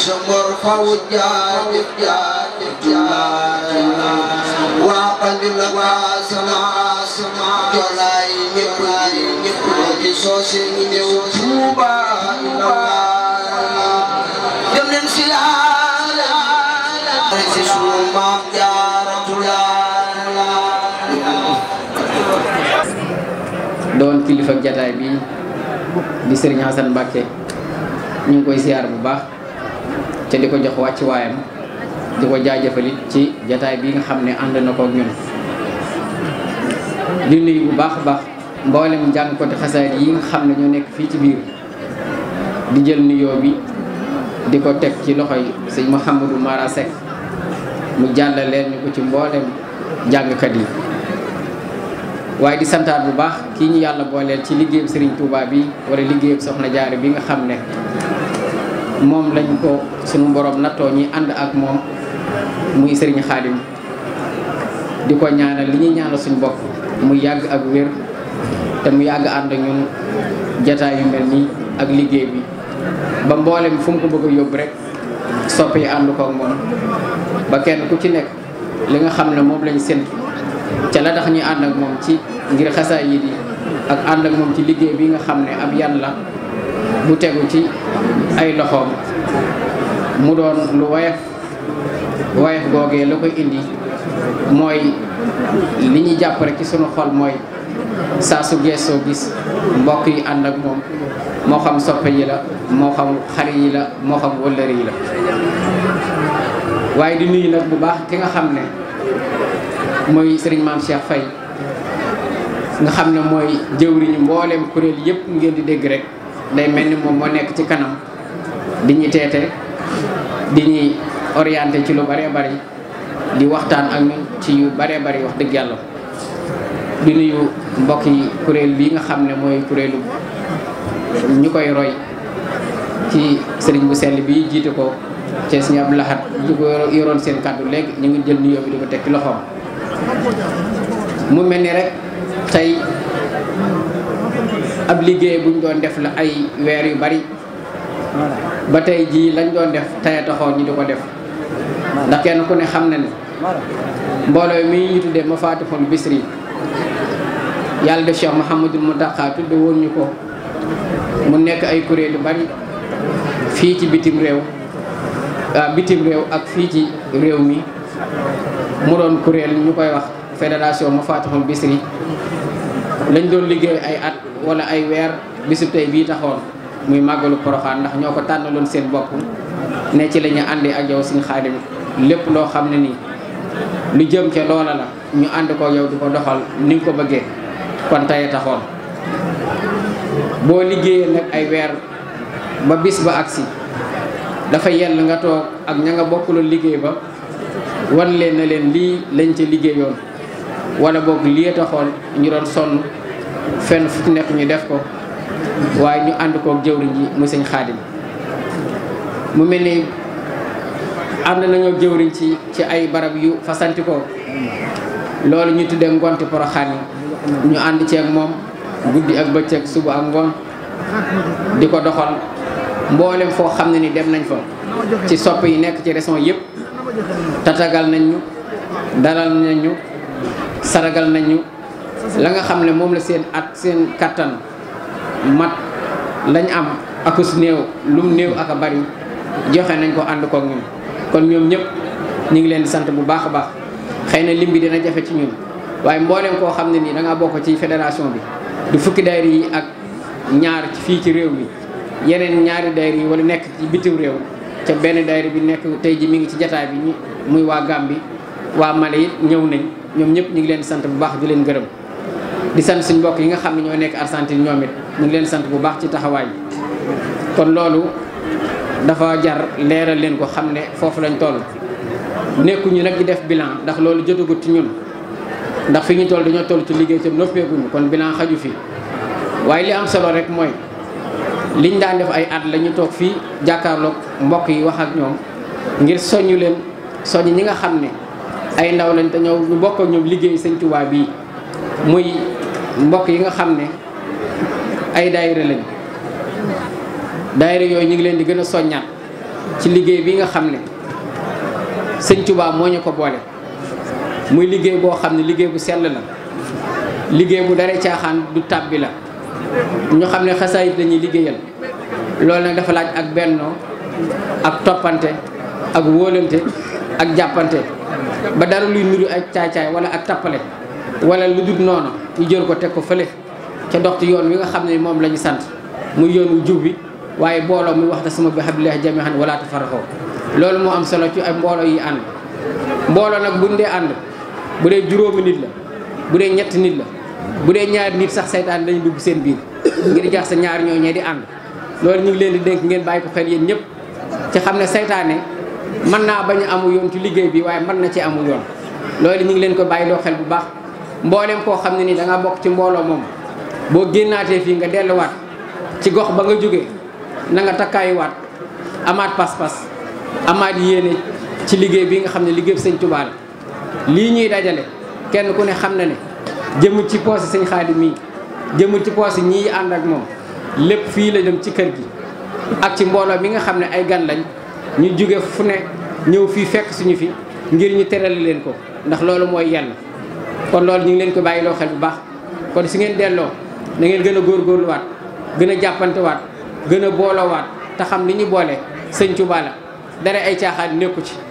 شمر فوجات جات جات وقد لباس ما سما جلاي نبلاي نبلاي سوسي نيو توبا جم نم سيار رسول ما جارة doon kilifa jataay bi di Serigne Hassane Mbacké ñu ngi koy siyaar bu baax ca di ko jox wàcc waayam di ko jaajëfalit ci jataay bi nga xam ne ànd na ko ak ñun di nuyu bu baax baax mboolem jàng ko di yi nga xam ne ñu nekk fii ci biir di jël nuyoo bi di ko teg ci loxoy sëñ Mouhamadou Mara Seck mu jàllale leen ñu ko ci mboolem jàngkat yi waaye di santaat bu baax kii ñu yàlla booleel ci liggéeyub Serigne Touba yi wala liggéeyub Soxna Jaara bi nga xam ne moom lañ ko suñu borom nattoo ñi ànd ak moom muy sëriñ xaadim di ko ñaanal li ñuy ñaanal suñu bopp mu yàgg ak wér te mu yàgg ànd ñun jataay yu mel nii ak liggéey bi ba mboolem fu mu ko bëgg a yóbbu rek soppi ànd kook moom ba kenn ku ci nekk li nga xam ne moom lañ séntu ca la tax ñuy ànd ak moom ci ngir xasaay yi di ak ànd ak moom ci liggéey bi nga xam ne ab yan la bu tegu ci ay loxoom mu doon lu woyof woyof googee la koy indi mooy li ñu jàpp ci sunu xol mooy saa su geesoo gis mbokk yi ànd ak moom moo xam soppe yi la moo xam xarit yi la moo xam la waaye di nuyu nag bu baax ki nga xam ne mooy sëriñ maam Cheikh Faye nga xam ne mooy jëwriñu mbooleem kuréel yëpp ngeen di dégg rek day mel ni moom moo nekk ci kanam di ñu teete di ñuy orienté ci lu bëree bëri di waxtaan ak ñun ci yu bëree bëri wax dëgg yàlla di nuyu mbokk yi kuréel bii nga xam ne mooy kuréelu ñu koy roy ci sëriñ bu sell bi jiite ko ci sëriñ Abdou Lahad ñu ko yoroon seen kàddu léegi ñu ngi jël nuyoo bi di ko teg ci loxoom mu mel ni rek tey ab liggéey buñ doon def la ay weer yu bari ba tey jii lañ doon def tey ñi di ko def ndax kenn ku ne xam na ne mbooloo mi ñu de ma faatixul bisri yàlla def Cheikh mu daqaa tudde woon ñu ko mu nekk ay kuréel yu bari fii ci bitim réew ah, bitim réew ak fii ci réew mi mu doon kuréel ñu koy wax fédération ma faatixul bisri lañ doon liggéey ay at wala ay weer bisub tey bii taxoon muy màggalu poroxaan ndax ñoo ko tànnaloon seen bopp ne ci la ñu àndi ak yow suñu xaadim lépp loo xam ne nii lu jëm ca loola la ñu ànd koo yow du ko doxal ni ko bëggee kon tey taxoon boo liggéeyee nag ay weer ba bis ba agsi dafa yell nga toog ak ña nga bokkuloon liggéey ba wan leen na leen lii lañ ca liggéeyoon wala boog lii taxoon ñu doon sonn fenn fu nekk def ko waaye ñu ànd kook jëwriñ ji muy sëñ xaadim mu mel ni ànd nañu jëwriñ ci ci ay barab yu fasanti ko loolu ñu tuddee ngonti poroxaan yi ñu ànd ak moom guddi ak bëccëg suba ak ngoon di ko doxal mboolem foo xam ne ni dem nañ fa ci sopp yi nekk ci région yëpp tatagal nañ ñu dalal nañ ñu saragal nañ la nga xam ne moom la seen at seen kattan mat lañ am akus néew lum néew ak a bari joxe nañ ko ànd koog kon ñoom ñëpp ñu ngi leen sant bu baax a baax xëy na lim bi dina jafe ci ñun waaye mbooleem koo xam ne nii danga bokk ci fédération bi du fukki daayira yi ak ñaar fii ci réew mi yeneen ñaari daayira yi wala nekk ci bitim réew ca benn daayira bi nekk tey ji mi ngi ci jataay bi muy waa Gàmbi waa Mali it ñëw nañ ñoom ñëpp ñu ngi leen sant bu baax di leen gërëm di sant suñ mbokk yi nga xam ne ñoo nekk Argentine ñoom it ñu ngi leen sant bu baax ci taxawaay kon loolu dafa jar leeral leen ko xam ne foofu lañ toll nekkuñu nag di def bilan ndax loolu jotagut ci ñun ndax fi ñu toll dañoo toll ci liggéey tam noppeeguñu kon bilan xaju fii waaye li am solo rek mooy liñ daan def ay at lañu toog fii jàkkaarloog mbokk yi wax ak ñoom ngir soññu leen soññ ñi nga xam ne ay ndaw lañ te ñoo ñu bokk ñoom liggéey sëñ Tuubaa bii muy mbokk yi nga xam ne ay daayira lañ daayira yooyu ñu ngi leen di gën a soññaat ci liggéey bi nga xam ne sëñ Tuubaa moo ñu ko boole muy liggéey boo xam ne liggéey bu sell la liggéey bu dara caaxaan du tàbbi la ñu xam ne xasaayit lañuy liggéeyal loolu na dafa laaj ak bennoo ak toppante ak wóolante ak jàppante ba dara luy nuru ak caay-caay wala ak tappale wala lu dul noonu ñu jël ko teg ko fële ca dox ci yoon wi nga xam ne moom la ñu sant muy yoonu jub bi waaye mbooloo muy wax sama bi hablillahi jami'an wala tafarraqu loolu moo am solo ci ay mbooloo yi ànd mbooloo nag buñ dee ànd bu dee juróomi nit la bu dee ñetti nit la bu dee ñaari nit sax seytaan dañu dugg seen biir ngir jax sa ñaari ñoo ñee di ànd loolu ñu ngi leen di dénk ngeen bàyyi ko xel yéen ñëpp ci xam ne seytaane mën naa bañ a amu yoon ci liggéey bi waaye mën na ci amu yoon mboolem koo xam ne nii da nga bokk ci mbooloo moom boo génnaatee fii nga delluwaat ci gox ba nga jóge na nga takkaayuwaat amaat pas-pas amaat yéene ci liggéey bi nga xam ne liggéey sëñ Tuubaa lii ñuy dajale kenn ku ne xam na ne jëmul ci poos sëñ Xaadim mii jëmul ci poos ñii ànd ak moom lépp fii la dem ci kër gi ak ci mbooloo mi nga xam ne ay gan lañ ñu jóge fu ne ñëw fii fekk suñu fi ngir ñu terale leen ko ndax loolu mooy yenn kon loolu ñu ngi leen ko bàyyi loo xel bu baax kon si ngeen delloo na ngeen gën a góorgóorluwaat gën a jàppantewaat gën a waat te xam li ñu boole sëñ Tuubaa la dara ay caaxaan nekku ci